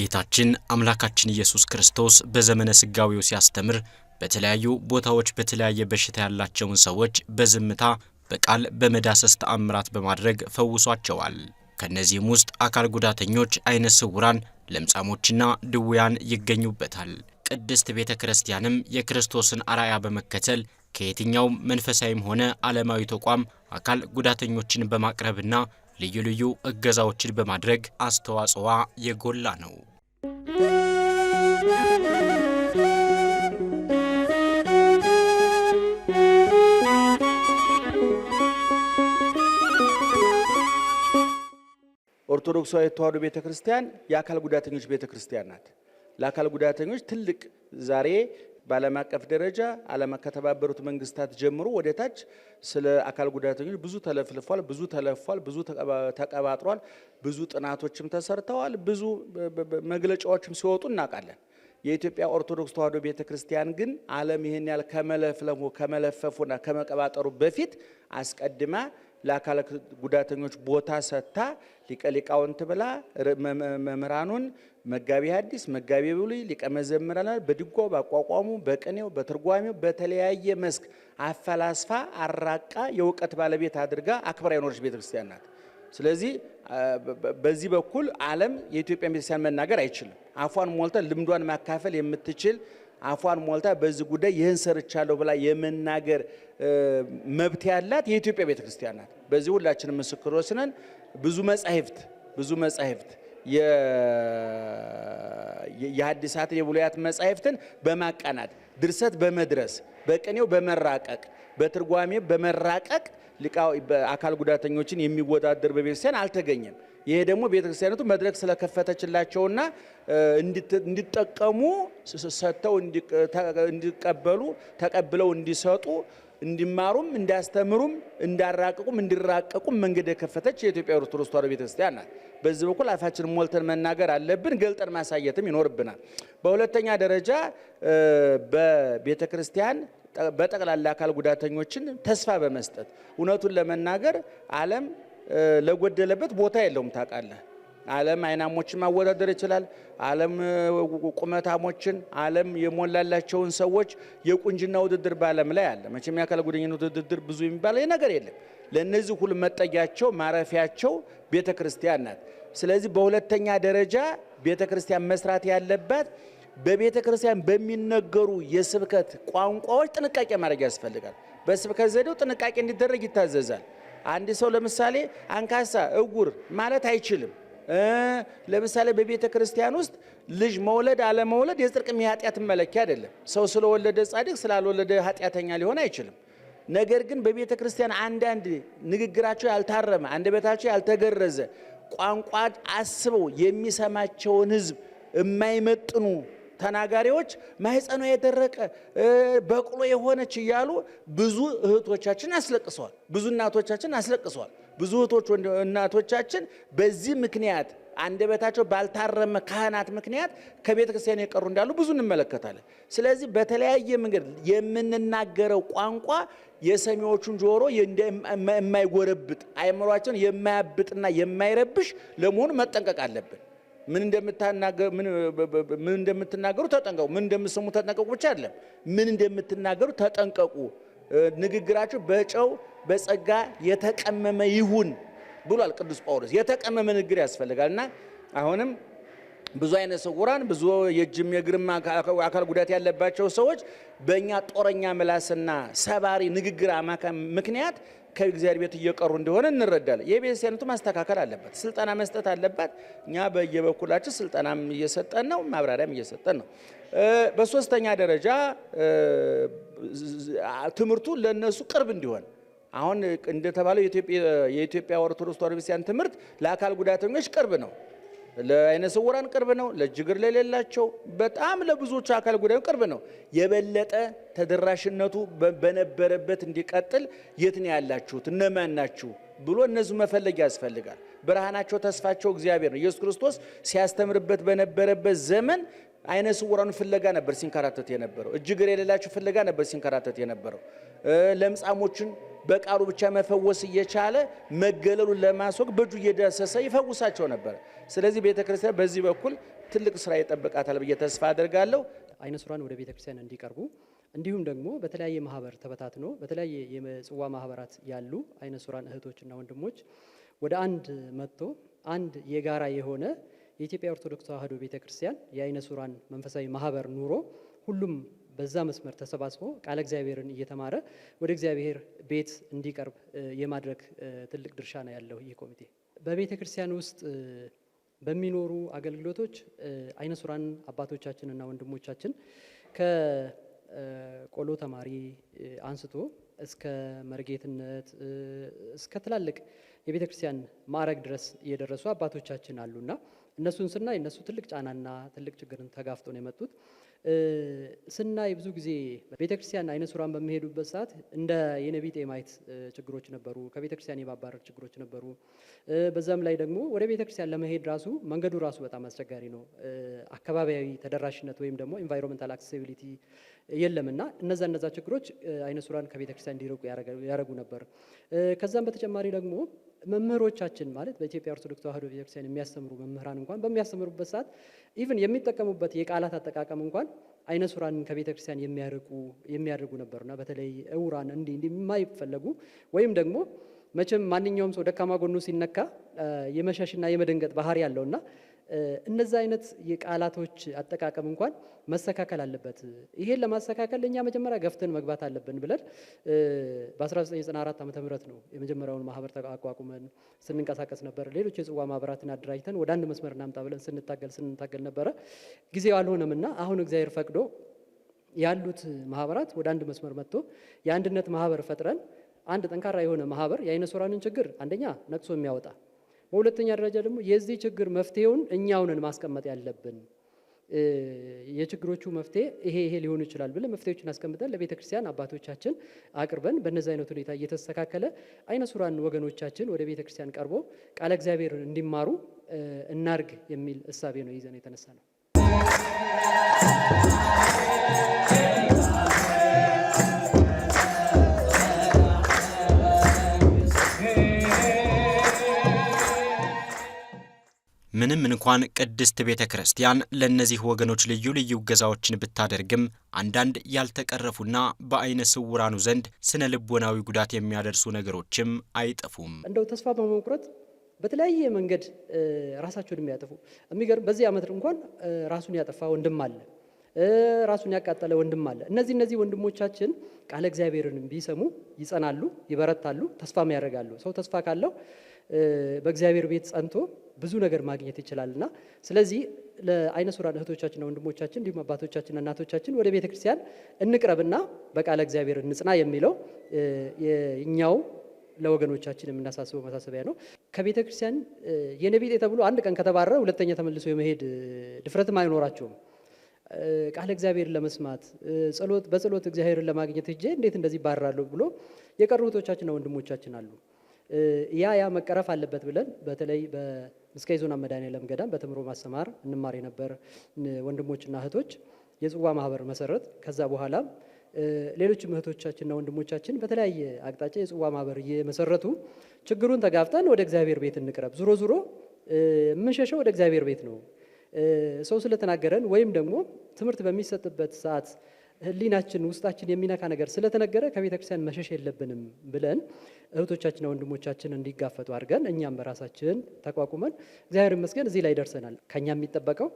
ጌታችን አምላካችን ኢየሱስ ክርስቶስ በዘመነ ስጋዊው ሲያስተምር በተለያዩ ቦታዎች በተለያየ በሽታ ያላቸውን ሰዎች በዝምታ በቃል በመዳሰስ ተአምራት በማድረግ ፈውሷቸዋል። ከእነዚህም ውስጥ አካል ጉዳተኞች፣ አይነ ስውራን፣ ለምጻሞችና ድውያን ይገኙበታል። ቅድስት ቤተ ክርስቲያንም የክርስቶስን አርአያ በመከተል ከየትኛውም መንፈሳዊም ሆነ ዓለማዊ ተቋም አካል ጉዳተኞችን በማቅረብና ልዩ ልዩ እገዛዎችን በማድረግ አስተዋጽዋ የጎላ ነው። ኦርቶዶክሳዊ ተዋሕዶ ቤተ ክርስቲያን የአካል ጉዳተኞች ቤተ ክርስቲያን ናት። ለአካል ጉዳተኞች ትልቅ ዛሬ በዓለም አቀፍ ደረጃ ዓለም ከተባበሩት መንግስታት ጀምሮ ወደ ታች ስለ አካል ጉዳተኞች ብዙ ተለፍልፏል፣ ብዙ ተለፏል፣ ብዙ ተቀባጥሯል፣ ብዙ ጥናቶችም ተሰርተዋል፣ ብዙ መግለጫዎችም ሲወጡ እናውቃለን። የኢትዮጵያ ኦርቶዶክስ ተዋሕዶ ቤተ ክርስቲያን ግን ዓለም ይህን ያህል ከመለፍለፉ ከመለፈፉና ከመቀባጠሩ በፊት አስቀድማ ለአካል ጉዳተኞች ቦታ ሰጥታ ሊቀ ሊቃውንት ብላ መምህራኑን መጋቢ ሐዲስ መጋቢ ብሉይ ሊቀ መዘምራን በአቋቋሙ በቅኔው በትርጓሜው በተለያየ መስክ አፈላስፋ አራቃ የእውቀት ባለቤት አድርጋ አክብራ የኖረች ቤተክርስቲያን ናት። ስለዚህ በዚህ በኩል ዓለም የኢትዮጵያ ቤተክርስቲያን መናገር አይችልም። አፏን ሞልተን ልምዷን ማካፈል የምትችል አፏን ሞልታ በዚህ ጉዳይ ይህን ሰርቻለሁ ብላ የመናገር መብት ያላት የኢትዮጵያ ቤተ ክርስቲያን ናት። በዚህ ሁላችንም ምስክሮች ነን። ብዙ መጻሕፍት ብዙ መጻሕፍት የሐዲሳትን የብሉያት መጻሕፍትን በማቃናት ድርሰት በመድረስ በቅኔው በመራቀቅ በትርጓሜ በመራቀቅ አካል ጉዳተኞችን የሚወዳደር በቤተክርስቲያን አልተገኘም። ይሄ ደግሞ ቤተክርስቲያኒቱ መድረክ ስለከፈተችላቸውና እንዲጠቀሙ ሰጥተው እንዲቀበሉ ተቀብለው እንዲሰጡ እንዲማሩም እንዲያስተምሩም እንዳራቅቁም እንዲራቀቁም መንገድ የከፈተች የኢትዮጵያ ኦርቶዶክስ ተዋሕዶ ቤተክርስቲያን ናት። በዚህ በኩል አፋችን ሞልተን መናገር አለብን፣ ገልጠን ማሳየትም ይኖርብናል። በሁለተኛ ደረጃ በቤተ ክርስቲያን በጠቅላላ አካል ጉዳተኞችን ተስፋ በመስጠት እውነቱን ለመናገር ዓለም ለጎደለበት ቦታ የለውም። ታውቃለህ፣ ዓለም አይናሞችን ማወዳደር ይችላል። ዓለም ቁመታሞችን፣ ዓለም የሞላላቸውን ሰዎች የቁንጅና ውድድር በዓለም ላይ አለ። መቼም የአካል ጉደኝነት ውድድር ብዙ የሚባል ነገር የለም። ለእነዚህ ሁሉ መጠጊያቸው ማረፊያቸው ቤተ ክርስቲያን ናት። ስለዚህ በሁለተኛ ደረጃ ቤተ ክርስቲያን መስራት ያለባት በቤተ ክርስቲያን በሚነገሩ የስብከት ቋንቋዎች ጥንቃቄ ማድረግ ያስፈልጋል። በስብከት ዘዴው ጥንቃቄ እንዲደረግ ይታዘዛል። አንድ ሰው ለምሳሌ አንካሳ እጉር ማለት አይችልም። ለምሳሌ በቤተ ክርስቲያን ውስጥ ልጅ መውለድ አለመውለድ የጽርቅ የኃጢአት መለኪያ አይደለም። ሰው ስለወለደ ጻድቅ ስላልወለደ ኃጢአተኛ ሊሆን አይችልም። ነገር ግን በቤተ ክርስቲያን አንዳንድ ንግግራቸው ያልታረመ አንደበታቸው ያልተገረዘ ቋንቋ አስበው የሚሰማቸውን ሕዝብ የማይመጥኑ ተናጋሪዎች ማህፀኗ የደረቀ በቅሎ የሆነች እያሉ ብዙ እህቶቻችን አስለቅሰዋል። ብዙ እናቶቻችን አስለቅሰዋል። ብዙ እህቶች እናቶቻችን በዚህ ምክንያት አንደበታቸው ባልታረመ ካህናት ምክንያት ከቤተ ክርስቲያን የቀሩ እንዳሉ ብዙ እንመለከታለን። ስለዚህ በተለያየ መንገድ የምንናገረው ቋንቋ የሰሚዎቹን ጆሮ የማይጎረብጥ አይምሯቸውን የማያብጥና የማይረብሽ ለመሆኑ መጠንቀቅ አለብን። ምን እንደምትናገሩ ተጠንቀቁ። ምን እንደምትሰሙ ተጠንቀቁ ብቻ አይደለም፣ ምን እንደምትናገሩ ተጠንቀቁ። ንግግራችሁ በጨው በጸጋ የተቀመመ ይሁን ብሏል ቅዱስ ጳውሎስ። የተቀመመ ንግግር ያስፈልጋል እና አሁንም ብዙ አይነ ስውራን ብዙ የእጅም የእግርም አካል ጉዳት ያለባቸው ሰዎች በእኛ ጦረኛ ምላስና ሰባሪ ንግግር ምክንያት ከእግዚአብሔር ቤት እየቀሩ እንደሆነ እንረዳለን። የቤተክርስቲያኒቱ ማስተካከል አለበት፣ ስልጠና መስጠት አለባት። እኛ በየበኩላችን ስልጠናም እየሰጠን ነው፣ ማብራሪያም እየሰጠን ነው። በሶስተኛ ደረጃ ትምህርቱ ለእነሱ ቅርብ እንዲሆን አሁን እንደተባለው የኢትዮጵያ ኦርቶዶክስ ተዋሕዶ ቤተክርስቲያን ትምህርት ለአካል ጉዳተኞች ቅርብ ነው። ለአይነ ስውራን ቅርብ ነው። ለችግር ለሌላቸው በጣም ለብዙዎች አካል ጉዳዩ ቅርብ ነው። የበለጠ ተደራሽነቱ በነበረበት እንዲቀጥል የት ነው ያላችሁት? እነማን ናችሁ? ብሎ እነዚሁ መፈለግ ያስፈልጋል። ብርሃናቸው ተስፋቸው እግዚአብሔር ነው። ኢየሱስ ክርስቶስ ሲያስተምርበት በነበረበት ዘመን አይነ ስውራኑ ፍለጋ ነበር ሲንከራተት የነበረው። እጅግር የሌላቸው ፍለጋ ነበር ሲንከራተት የነበረው። ለምጻሞችን በቃሉ ብቻ መፈወስ እየቻለ መገለሉን ለማስወግ በእጁ እየዳሰሰ ይፈውሳቸው ነበር። ስለዚህ ቤተ ክርስቲያን በዚህ በኩል ትልቅ ስራ ይጠብቃታል ብዬ ተስፋ አደርጋለሁ። አይነ ስውራን ወደ ቤተ ክርስቲያን እንዲቀርቡ እንዲሁም ደግሞ በተለያየ ማህበር ተበታትኖ በተለያየ የጽዋ ማህበራት ያሉ አይነ ስውራን እህቶችና ወንድሞች ወደ አንድ መጥቶ አንድ የጋራ የሆነ የኢትዮጵያ ኦርቶዶክስ ተዋሕዶ ቤተ ክርስቲያን የአይነ ስውራን መንፈሳዊ ማህበር ኑሮ ሁሉም በዛ መስመር ተሰባስቦ ቃለ እግዚአብሔርን እየተማረ ወደ እግዚአብሔር ቤት እንዲቀርብ የማድረግ ትልቅ ድርሻ ነው ያለው ይህ ኮሚቴ። በቤተ ክርስቲያን ውስጥ በሚኖሩ አገልግሎቶች አይነ ሱራን አባቶቻችንና ወንድሞቻችን ከቆሎ ተማሪ አንስቶ እስከ መርጌትነት እስከ ትላልቅ የቤተ ክርስቲያን ማዕረግ ድረስ የደረሱ አባቶቻችን አሉና እነሱን ስናይ እነሱ ትልቅ ጫናና ትልቅ ችግርን ተጋፍጦ ነው የመጡት። ስናይ ብዙ ጊዜ ቤተክርስቲያን አይነ ሱራን በሚሄዱበት ሰዓት እንደ የነቢጤ ማየት ችግሮች ነበሩ፣ ከቤተክርስቲያን የማባረር ችግሮች ነበሩ። በዛም ላይ ደግሞ ወደ ቤተክርስቲያን ለመሄድ ራሱ መንገዱ ራሱ በጣም አስቸጋሪ ነው። አካባቢያዊ ተደራሽነት ወይም ደግሞ ኢንቫይሮንመንታል አክሴሲቢሊቲ የለም እና እነዛ እነዛ ችግሮች አይነ ሱራን ከቤተክርስቲያን እንዲርቁ ያደረጉ ነበር። ከዛም በተጨማሪ ደግሞ መምህሮቻችን ማለት በኢትዮጵያ ኦርቶዶክስ ተዋሕዶ ቤተክርስቲያን የሚያስተምሩ መምህራን እንኳን በሚያስተምሩበት ሰዓት ኢቭን የሚጠቀሙበት የቃላት አጠቃቀም እንኳን አይነ ሱራን ከቤተ ክርስቲያን የሚያርቁ የሚያደርጉ ነበሩና በተለይ እውራን እንዲህ እንዲህ የማይፈለጉ ወይም ደግሞ መቼም ማንኛውም ሰው ደካማ ጎኑ ሲነካ የመሸሽና የመደንገጥ ባህሪ ያለውና እነዚህ አይነት የቃላቶች አጠቃቀም እንኳን መስተካከል አለበት። ይሄን ለማስተካከል እኛ መጀመሪያ ገፍተን መግባት አለብን ብለን በ1994 ዓ ምት ነው የመጀመሪያውን ማህበር አቋቁመን ስንንቀሳቀስ ነበር። ሌሎች የጽዋ ማህበራትን አደራጅተን ወደ አንድ መስመር እናምጣ ብለን ስንታገል ስንታገል ነበረ። ጊዜው እና አሁን እግዚአብሔር ፈቅዶ ያሉት ማህበራት ወደ አንድ መስመር መጥቶ የአንድነት ማህበር ፈጥረን አንድ ጠንካራ የሆነ ማህበር የአይነ ሶራንን ችግር አንደኛ ነቅሶ የሚያወጣ በሁለተኛ ደረጃ ደግሞ የዚህ ችግር መፍትሄውን እኛውንን ማስቀመጥ ያለብን የችግሮቹ መፍትሄ ይሄ ይሄ ሊሆን ይችላል ብለን መፍትሄዎችን አስቀምጠን ለቤተ ክርስቲያን አባቶቻችን አቅርበን በእነዚህ አይነት ሁኔታ እየተስተካከለ አይነ ሱራን ወገኖቻችን ወደ ቤተ ክርስቲያን ቀርቦ ቃለ እግዚአብሔር እንዲማሩ እናርግ የሚል እሳቤ ነው ይዘን የተነሳ ነው። ምንም እንኳን ቅድስት ቤተ ክርስቲያን ለእነዚህ ወገኖች ልዩ ልዩ እገዛዎችን ብታደርግም አንዳንድ ያልተቀረፉና በአይነ ስውራኑ ዘንድ ስነ ልቦናዊ ጉዳት የሚያደርሱ ነገሮችም አይጠፉም። እንደው ተስፋ በመቁረጥ በተለያየ መንገድ ራሳቸውን የሚያጠፉ የሚገርም፣ በዚህ ዓመት እንኳን ራሱን ያጠፋ ወንድም አለ፣ ራሱን ያቃጠለ ወንድም አለ። እነዚህ እነዚህ ወንድሞቻችን ቃለ እግዚአብሔርን ቢሰሙ ይጸናሉ፣ ይበረታሉ፣ ተስፋም ያደርጋሉ። ሰው ተስፋ ካለው በእግዚአብሔር ቤት ጸንቶ ብዙ ነገር ማግኘት ይችላል እና ስለዚህ ለአይነ ሱራን እህቶቻችንና ወንድሞቻችን እንዲሁም አባቶቻችን እናቶቻችን ወደ ቤተ ክርስቲያን እንቅረብና በቃለ እግዚአብሔር እንጽና የሚለው የእኛው ለወገኖቻችን የምናሳስበው መሳሰቢያ ነው። ከቤተ ክርስቲያን የነቢጤ ተብሎ አንድ ቀን ከተባረረ ሁለተኛ ተመልሶ የመሄድ ድፍረትም አይኖራቸውም። ቃለ እግዚአብሔርን ለመስማት ጸሎት በጸሎት እግዚአብሔርን ለማግኘት ሄጄ እንዴት እንደዚህ ባራለሁ ብሎ የቀሩ እህቶቻችንና ወንድሞቻችን አሉ። ያ ያ መቀረፍ አለበት ብለን በተለይ በምስካየ ዞን መድኃኔዓለም ገዳም በትምህሮ ማስተማር እንማር የነበር ወንድሞችና እህቶች የጽዋ ማህበር መሰረት ከዛ በኋላ ሌሎችም እህቶቻችንና ወንድሞቻችን በተለያየ አቅጣጫ የጽዋ ማህበር እየመሰረቱ ችግሩን ተጋፍጠን ወደ እግዚአብሔር ቤት እንቅረብ። ዙሮ ዙሮ የምንሸሸው ወደ እግዚአብሔር ቤት ነው። ሰው ስለተናገረን ወይም ደግሞ ትምህርት በሚሰጥበት ሰዓት ህሊናችን ውስጣችን የሚነካ ነገር ስለተነገረ ከቤተ ክርስቲያን መሸሽ የለብንም ብለን እህቶቻችንና ወንድሞቻችን እንዲጋፈጡ አድርገን እኛም በራሳችን ተቋቁመን እግዚአብሔር ይመስገን እዚህ ላይ ደርሰናል። ከኛ የሚጠበቀው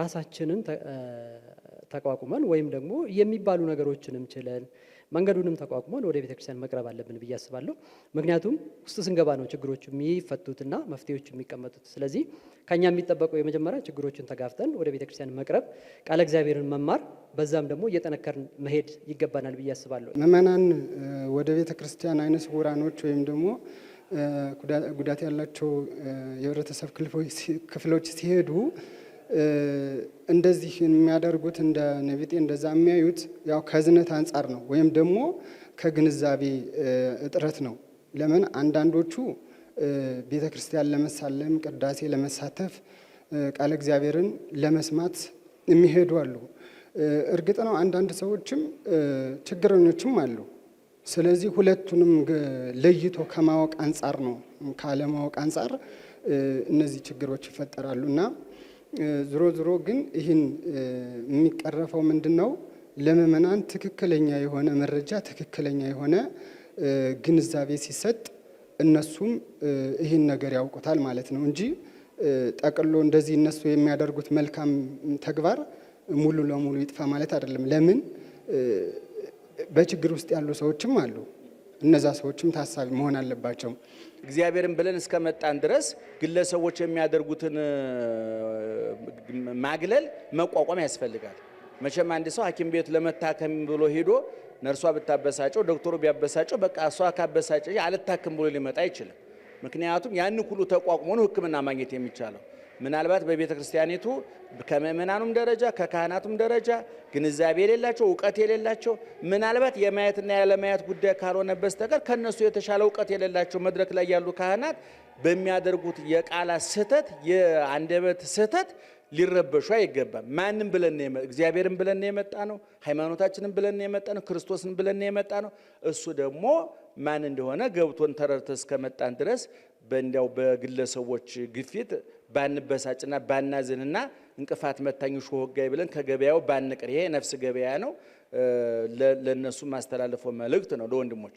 ራሳችንን ተቋቁመን ወይም ደግሞ የሚባሉ ነገሮችንም ችለን መንገዱንም ተቋቁመን ወደ ቤተክርስቲያን መቅረብ አለብን ብዬ አስባለሁ። ምክንያቱም ውስጥ ስንገባ ነው ችግሮቹ የሚፈቱትና መፍትሄዎች የሚቀመጡት። ስለዚህ ከኛ የሚጠበቀው የመጀመሪያ ችግሮችን ተጋፍጠን ወደ ቤተክርስቲያን መቅረብ፣ ቃለ እግዚአብሔርን መማር፣ በዛም ደግሞ እየጠነከርን መሄድ ይገባናል ብዬ አስባለሁ። ምእመናን ወደ ቤተክርስቲያን አይነ ስውራኖች ወይም ደግሞ ጉዳት ያላቸው የህብረተሰብ ክፍሎች ሲሄዱ እንደዚህ የሚያደርጉት እንደ ነቢጤ እንደዛ የሚያዩት ያው ከዝነት አንጻር ነው፣ ወይም ደግሞ ከግንዛቤ እጥረት ነው። ለምን አንዳንዶቹ ቤተ ክርስቲያን ለመሳለም ቅዳሴ ለመሳተፍ ቃለ እግዚአብሔርን ለመስማት የሚሄዱ አሉ። እርግጥ ነው አንዳንድ ሰዎችም ችግረኞችም አሉ። ስለዚህ ሁለቱንም ለይቶ ከማወቅ አንጻር ነው፣ ካለማወቅ አንጻር እነዚህ ችግሮች ይፈጠራሉ እና ዝሮ ዝሮ ግን ይህን የሚቀረፈው ምንድን ነው? ለምእመናን ትክክለኛ የሆነ መረጃ ትክክለኛ የሆነ ግንዛቤ ሲሰጥ እነሱም ይህን ነገር ያውቁታል ማለት ነው እንጂ ጠቅሎ እንደዚህ እነሱ የሚያደርጉት መልካም ተግባር ሙሉ ለሙሉ ይጥፋ ማለት አይደለም። ለምን በችግር ውስጥ ያሉ ሰዎችም አሉ። እነዛ ሰዎችም ታሳቢ መሆን አለባቸው። እግዚአብሔርን ብለን እስከመጣን ድረስ ግለሰቦች የሚያደርጉትን ማግለል መቋቋም ያስፈልጋል። መቼም አንድ ሰው ሐኪም ቤት ለመታከም ብሎ ሄዶ ነርሷ ብታበሳጨው፣ ዶክተሩ ቢያበሳጨው በቃ እሷ ካበሳጨ አልታከም ብሎ ሊመጣ አይችልም። ምክንያቱም ያን ሁሉ ተቋቁሞ ነው ሕክምና ማግኘት የሚቻለው። ምናልባት በቤተ ክርስቲያኒቱ ከምእመናኑም ደረጃ ከካህናቱም ደረጃ ግንዛቤ የሌላቸው እውቀት የሌላቸው ምናልባት የማየትና ያለማየት ጉዳይ ካልሆነ በስተቀር ከነሱ የተሻለ እውቀት የሌላቸው መድረክ ላይ ያሉ ካህናት በሚያደርጉት የቃላት ስህተት፣ የአንደበት ስህተት ሊረበሹ አይገባም። ማንም ብለን እግዚአብሔርን ብለን የመጣ ነው። ሃይማኖታችንን ብለን የመጣ ነው። ክርስቶስን ብለን የመጣ ነው። እሱ ደግሞ ማን እንደሆነ ገብቶን ተረድተ እስከመጣን ድረስ በእንዲያው በግለሰቦች ግፊት ባንበሳጭና ባናዝንና እንቅፋት መታኝ ሾህ ብለን ከገበያው ባንቀር። ይሄ ነፍስ ገበያ ነው። ለነሱ ማስተላለፈው መልእክት ነው ለወንድሞች።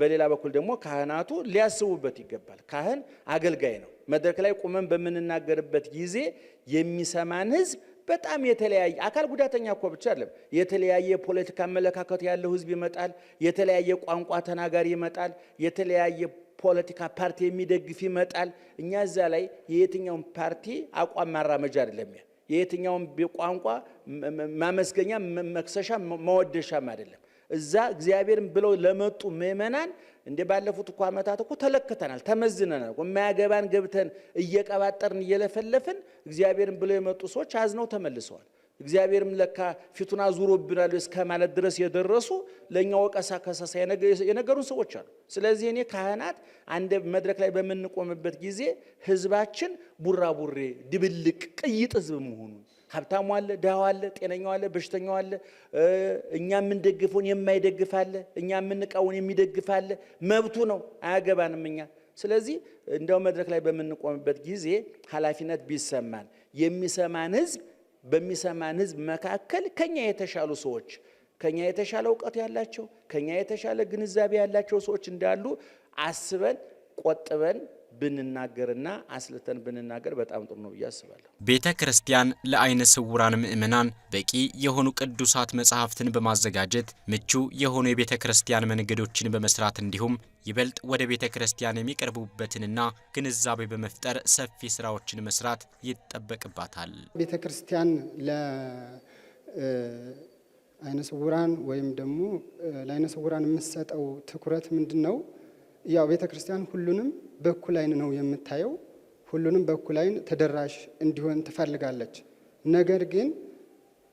በሌላ በኩል ደግሞ ካህናቱ ሊያስቡበት ይገባል። ካህን አገልጋይ ነው። መድረክ ላይ ቁመን በምንናገርበት ጊዜ የሚሰማን ህዝብ በጣም የተለያየ አካል ጉዳተኛ እኮ ብቻ አይደለም። የተለያየ ፖለቲካ አመለካከት ያለው ህዝብ ይመጣል። የተለያየ ቋንቋ ተናጋሪ ይመጣል። የተለያየ ፖለቲካ ፓርቲ የሚደግፍ ይመጣል። እኛ እዛ ላይ የየትኛውን ፓርቲ አቋም ማራመጃ አይደለም፣ የየትኛውን ቋንቋ ማመስገኛ መክሰሻ መወደሻም አይደለም። እዛ እግዚአብሔርን ብለው ለመጡ ምእመናን እንደ ባለፉት እኮ ዓመታት እኮ ተለክተናል፣ ተመዝነናል። የማያገባን ገብተን እየቀባጠርን እየለፈለፍን እግዚአብሔርን ብለው የመጡ ሰዎች አዝነው ተመልሰዋል። እግዚአብሔርም ለካ ፊቱን አዙሮብናል እስከ ማለት ድረስ የደረሱ ለእኛ ወቀሳ ከሰሳ የነገሩን ሰዎች አሉ። ስለዚህ እኔ ካህናት አንድ መድረክ ላይ በምንቆምበት ጊዜ ህዝባችን ቡራቡሬ፣ ድብልቅ፣ ቅይጥ ህዝብ መሆኑን ሀብታሙ አለ፣ ድሃው አለ፣ ጤነኛው አለ፣ በሽተኛው አለ፣ እኛ የምንደግፈውን የማይደግፍ አለ፣ እኛ የምንቃውን የሚደግፍ አለ። መብቱ ነው፣ አያገባንም እኛ ስለዚህ እንደው መድረክ ላይ በምንቆምበት ጊዜ ኃላፊነት ቢሰማን የሚሰማን ህዝብ በሚሰማን ህዝብ መካከል ከኛ የተሻሉ ሰዎች ከኛ የተሻለ እውቀት ያላቸው ከኛ የተሻለ ግንዛቤ ያላቸው ሰዎች እንዳሉ አስበን ቆጥበን ብንናገርና አስልተን ብንናገር በጣም ጥሩ ነው ብዬ አስባለሁ። ቤተ ክርስቲያን ለአይነ ስውራን ምእመናን በቂ የሆኑ ቅዱሳት መጽሐፍትን በማዘጋጀት ምቹ የሆኑ የቤተ ክርስቲያን መንገዶችን በመስራት እንዲሁም ይበልጥ ወደ ቤተ ክርስቲያን የሚቀርቡበትንና ግንዛቤ በመፍጠር ሰፊ ስራዎችን መስራት ይጠበቅባታል። ቤተ ክርስቲያን ለአይነ ስውራን ወይም ደግሞ ለአይነ ስውራን የምትሰጠው ትኩረት ምንድን ነው? ያው ቤተ ክርስቲያን ሁሉንም በእኩል አይን ነው የምታየው። ሁሉንም በእኩል አይን ተደራሽ እንዲሆን ትፈልጋለች። ነገር ግን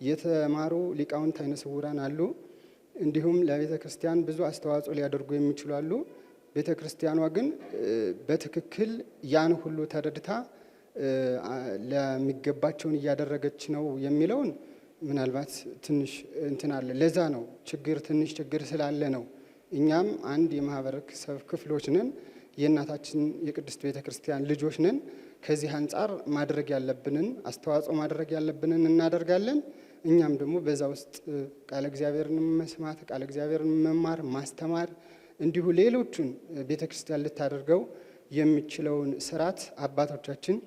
የተማሩ ሊቃውንት አይነ ስውራን አሉ። እንዲሁም ለቤተ ክርስቲያን ብዙ አስተዋጽኦ ሊያደርጉ የሚችሉ አሉ። ቤተ ክርስቲያኗ ግን በትክክል ያን ሁሉ ተረድታ ለሚገባቸውን እያደረገች ነው የሚለውን ምናልባት ትንሽ እንትን አለ። ለዛ ነው ችግር ትንሽ ችግር ስላለ ነው እኛም አንድ የማህበረሰብ ክፍሎች ነን። የእናታችን የቅድስት ቤተ ክርስቲያን ልጆች ነን። ከዚህ አንጻር ማድረግ ያለብንን አስተዋጽኦ ማድረግ ያለብንን እናደርጋለን። እኛም ደግሞ በዛ ውስጥ ቃለ እግዚአብሔርን መስማት፣ ቃለ እግዚአብሔርን መማር፣ ማስተማር እንዲሁ ሌሎቹን ቤተ ክርስቲያን ልታደርገው የሚችለውን ስርዓት አባቶቻችን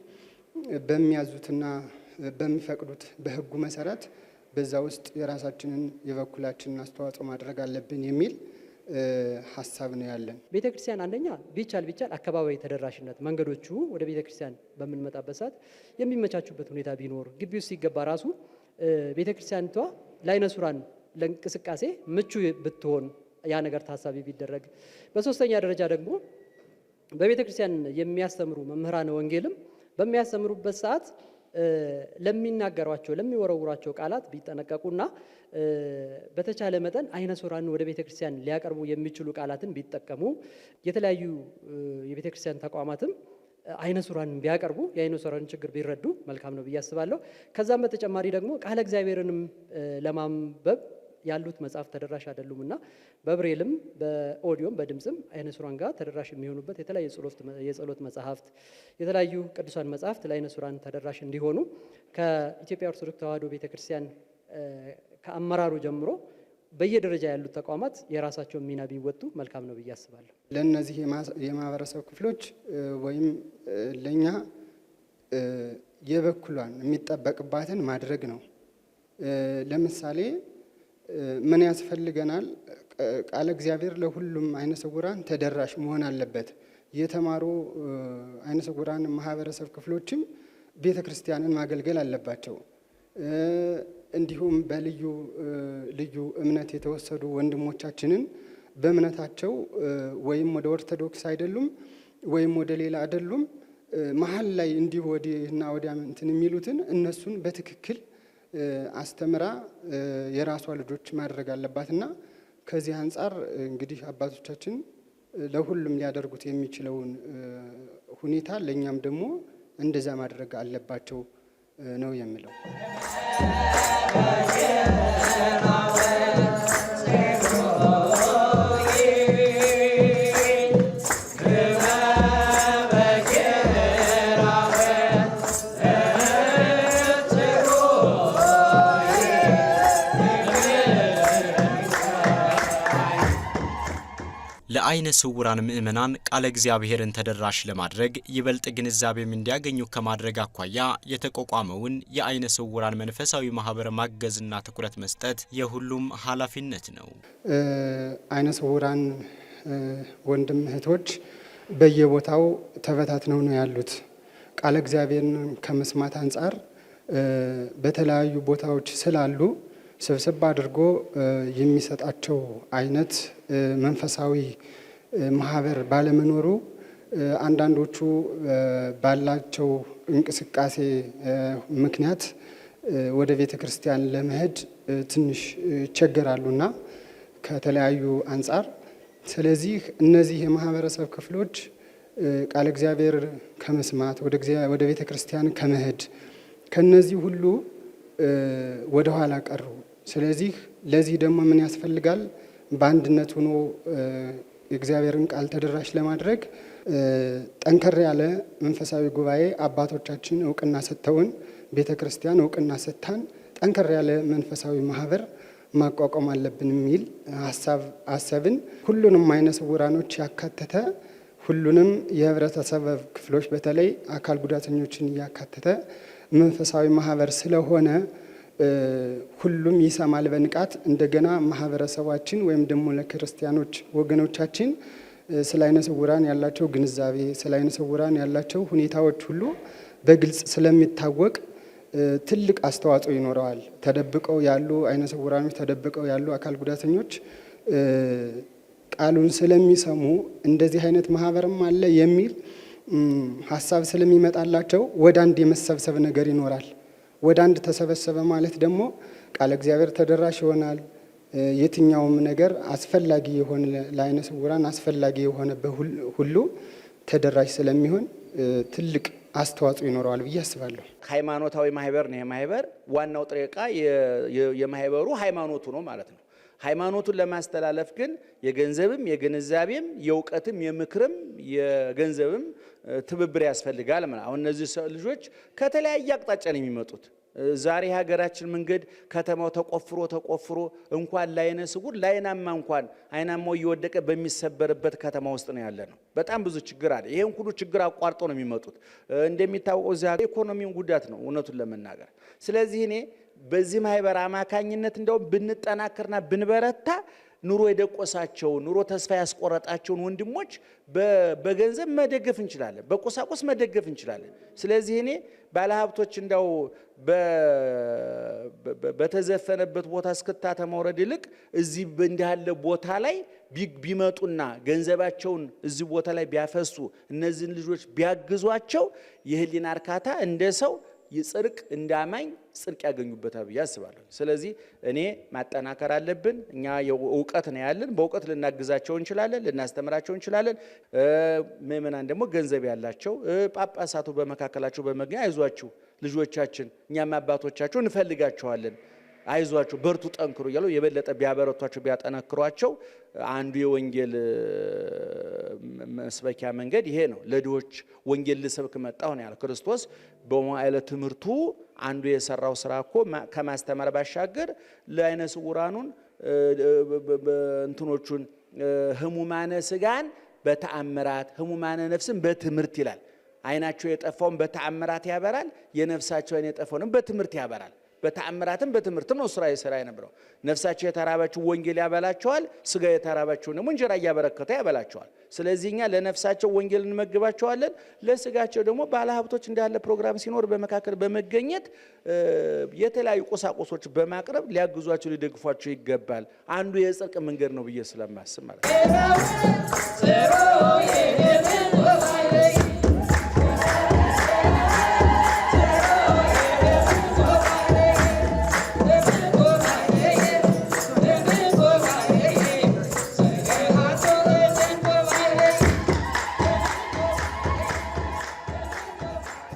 በሚያዙትና በሚፈቅዱት በህጉ መሰረት በዛ ውስጥ የራሳችንን የበኩላችንን አስተዋጽኦ ማድረግ አለብን የሚል ሀሳብ ነው ያለን። ክርስቲያን አንደኛ ቢቻል ቢቻል አካባቢ ተደራሽነት መንገዶቹ ወደ ቤተክርስቲያን በምንመጣበት ሰዓት የሚመቻቹበት ሁኔታ ቢኖር ግቢ ውስጥ ሲገባ ራሱ ቤተክርስቲያኒቷ ለአይነ ሱራን ለእንቅስቃሴ ምቹ ብትሆን ያ ነገር ታሳቢ ቢደረግ፣ በሶስተኛ ደረጃ ደግሞ በቤተክርስቲያን የሚያስተምሩ መምህራን ወንጌልም በሚያስተምሩበት ሰዓት ለሚናገሯቸው ለሚወረውሯቸው ቃላት ቢጠነቀቁና በተቻለ መጠን አይነ ስውራን ወደ ቤተ ክርስቲያን ሊያቀርቡ የሚችሉ ቃላትን ቢጠቀሙ የተለያዩ የቤተ ክርስቲያን ተቋማትም አይነ ሱራን ቢያቀርቡ የአይነ ሱራን ችግር ቢረዱ መልካም ነው ብዬ አስባለሁ። ከዛም በተጨማሪ ደግሞ ቃለ እግዚአብሔርንም ለማንበብ ያሉት መጽሐፍ ተደራሽ አይደሉም እና በብሬልም በኦዲዮም በድምፅም አይነ ሱራን ጋር ተደራሽ የሚሆኑበት የተለያዩ የጸሎት መጽሐፍት የተለያዩ ቅዱሳን መጽሐፍት ለአይነ ሱራን ተደራሽ እንዲሆኑ ከኢትዮጵያ ኦርቶዶክስ ተዋሕዶ ቤተክርስቲያን ከአመራሩ ጀምሮ በየደረጃ ያሉት ተቋማት የራሳቸውን ሚና ቢወጡ መልካም ነው ብዬ አስባለሁ። ለእነዚህ የማህበረሰብ ክፍሎች ወይም ለእኛ የበኩሏን የሚጠበቅባትን ማድረግ ነው። ለምሳሌ ምን ያስፈልገናል? ቃለ እግዚአብሔር ለሁሉም አይነ ስውራን ተደራሽ መሆን አለበት። የተማሩ አይነ ስውራን ማህበረሰብ ክፍሎችም ቤተ ክርስቲያንን ማገልገል አለባቸው። እንዲሁም በልዩ ልዩ እምነት የተወሰዱ ወንድሞቻችንን በእምነታቸው ወይም ወደ ኦርቶዶክስ አይደሉም ወይም ወደ ሌላ አይደሉም መሀል ላይ እንዲህ ወዲህና ወዲያ እንትን የሚሉትን እነሱን በትክክል አስተምራ የራሷ ልጆች ማድረግ አለባት እና ከዚህ አንጻር እንግዲህ አባቶቻችን ለሁሉም ሊያደርጉት የሚችለውን ሁኔታ ለእኛም ደግሞ እንደዛ ማድረግ አለባቸው ነው የሚለው። ለአይነ ስውራን ምእመናን ቃለ እግዚአብሔርን ተደራሽ ለማድረግ ይበልጥ ግንዛቤም እንዲያገኙ ከማድረግ አኳያ የተቋቋመውን የአይነ ስውራን መንፈሳዊ ማህበር ማገዝና ትኩረት መስጠት የሁሉም ኃላፊነት ነው። አይነ ስውራን ወንድም እህቶች በየቦታው ተበታትነው ነው ያሉት። ቃለ እግዚአብሔርን ከመስማት አንጻር በተለያዩ ቦታዎች ስላሉ ስብስብ አድርጎ የሚሰጣቸው አይነት መንፈሳዊ ማህበር ባለመኖሩ አንዳንዶቹ ባላቸው እንቅስቃሴ ምክንያት ወደ ቤተ ክርስቲያን ለመሄድ ትንሽ ይቸገራሉና ከተለያዩ አንጻር። ስለዚህ እነዚህ የማህበረሰብ ክፍሎች ቃለ እግዚአብሔር ከመስማት ወደ ቤተ ክርስቲያን ከመሄድ ከነዚህ ሁሉ ወደ ኋላ ቀሩ። ስለዚህ ለዚህ ደግሞ ምን ያስፈልጋል? በአንድነት ሆኖ የእግዚአብሔርን ቃል ተደራሽ ለማድረግ ጠንከር ያለ መንፈሳዊ ጉባኤ አባቶቻችን እውቅና ሰጥተውን ቤተ ክርስቲያን እውቅና ሰጥታን ጠንከር ያለ መንፈሳዊ ማህበር ማቋቋም አለብን የሚል ሀሳብ አሰብን። ሁሉንም አይነ ስውራኖች ያካተተ ሁሉንም የህብረተሰብ ክፍሎች በተለይ አካል ጉዳተኞችን እያካተተ መንፈሳዊ ማህበር ስለሆነ ሁሉም ይሰማል በንቃት እንደገና ማህበረሰባችን ወይም ደግሞ ለክርስቲያኖች ወገኖቻችን ስለ አይነ ስውራን ያላቸው ግንዛቤ ስለ አይነ ስውራን ያላቸው ሁኔታዎች ሁሉ በግልጽ ስለሚታወቅ ትልቅ አስተዋጽኦ ይኖረዋል። ተደብቀው ያሉ አይነ ስውራኖች፣ ተደብቀው ያሉ አካል ጉዳተኞች ቃሉን ስለሚሰሙ እንደዚህ አይነት ማህበርም አለ የሚል ሀሳብ ስለሚመጣላቸው ወደ አንድ የመሰብሰብ ነገር ይኖራል። ወደ አንድ ተሰበሰበ ማለት ደግሞ ቃለ እግዚአብሔር ተደራሽ ይሆናል። የትኛውም ነገር አስፈላጊ የሆነ ለአይነ ስውራን አስፈላጊ የሆነ ሁሉ ተደራሽ ስለሚሆን ትልቅ አስተዋጽኦ ይኖረዋል ብዬ አስባለሁ። ሃይማኖታዊ ማህበር ነው። የማህበር ዋናው ጥሬ ዕቃ የማህበሩ ሃይማኖቱ ነው ማለት ነው። ሃይማኖቱን ለማስተላለፍ ግን የገንዘብም የግንዛቤም የእውቀትም የምክርም የገንዘብም ትብብር ያስፈልጋል። አሁን እነዚህ ልጆች ከተለያየ አቅጣጫ ነው የሚመጡት። ዛሬ የሀገራችን መንገድ ከተማው ተቆፍሮ ተቆፍሮ እንኳን ለዓይነ ስውር ለዓይናማ እንኳን ዓይናማው እየወደቀ በሚሰበርበት ከተማ ውስጥ ነው ያለ ነው። በጣም ብዙ ችግር አለ። ይህን ሁሉ ችግር አቋርጦ ነው የሚመጡት። እንደሚታወቀው እዚያ ኢኮኖሚውን ጉዳት ነው እውነቱን ለመናገር። ስለዚህ እኔ በዚህ ማህበር አማካኝነት እንደውም ብንጠናከርና ብንበረታ ኑሮ የደቆሳቸውን ኑሮ ተስፋ ያስቆረጣቸውን ወንድሞች በገንዘብ መደገፍ እንችላለን፣ በቁሳቁስ መደገፍ እንችላለን። ስለዚህ እኔ ባለሀብቶች እንዳው በተዘፈነበት ቦታ እስክታ ተመውረድ ይልቅ እዚህ እንዲህ ቦታ ላይ ቢመጡና ገንዘባቸውን እዚህ ቦታ ላይ ቢያፈሱ እነዚህን ልጆች ቢያግዟቸው የህሊና እርካታ እንደ ሰው ጽድቅ እንዳማኝ ጽድቅ ያገኙበታል ብዬ አስባለሁ። ስለዚህ እኔ ማጠናከር አለብን። እኛ እውቀት ነው ያለን፣ በእውቀት ልናግዛቸው እንችላለን፣ ልናስተምራቸው እንችላለን። ምእመናን ደግሞ ገንዘብ ያላቸው ጳጳሳቱ በመካከላቸው በመገኘት አይዟችሁ ልጆቻችን፣ እኛም አባቶቻቸው እንፈልጋቸዋለን አይዟቸው፣ በርቱ፣ ጠንክሩ እያሉ የበለጠ ቢያበረቷቸው ቢያጠነክሯቸው አንዱ የወንጌል መስበኪያ መንገድ ይሄ ነው። ለድሆች ወንጌል ልሰብክ መጣሁ ነው ያለ ክርስቶስ። በመዋዕለ ትምህርቱ አንዱ የሰራው ስራ እኮ ከማስተማር ባሻገር ለአይነ ስውራኑን እንትኖቹን ህሙማነ ስጋን በተአምራት ህሙማነ ነፍስን በትምህርት ይላል። አይናቸው የጠፋውን በተአምራት ያበራል። የነፍሳቸው አይን የጠፋውንም በትምህርት ያበራል። በተአምራትም በትምህርትም ነው ስራ የሰራ የነበረው። ነፍሳቸው የተራባቸው ወንጌል ያበላቸዋል፣ ስጋ የተራባቸውን ደግሞ እንጀራ እያበረከተ ያበላቸዋል። ስለዚህ እኛ ለነፍሳቸው ወንጌል እንመግባቸዋለን፣ ለስጋቸው ደግሞ ባለሀብቶች እንዳለ ፕሮግራም ሲኖር በመካከል በመገኘት የተለያዩ ቁሳቁሶች በማቅረብ ሊያግዟቸው ሊደግፏቸው ይገባል። አንዱ የጽርቅ መንገድ ነው ብዬ ስለማስብ ማለት ነው።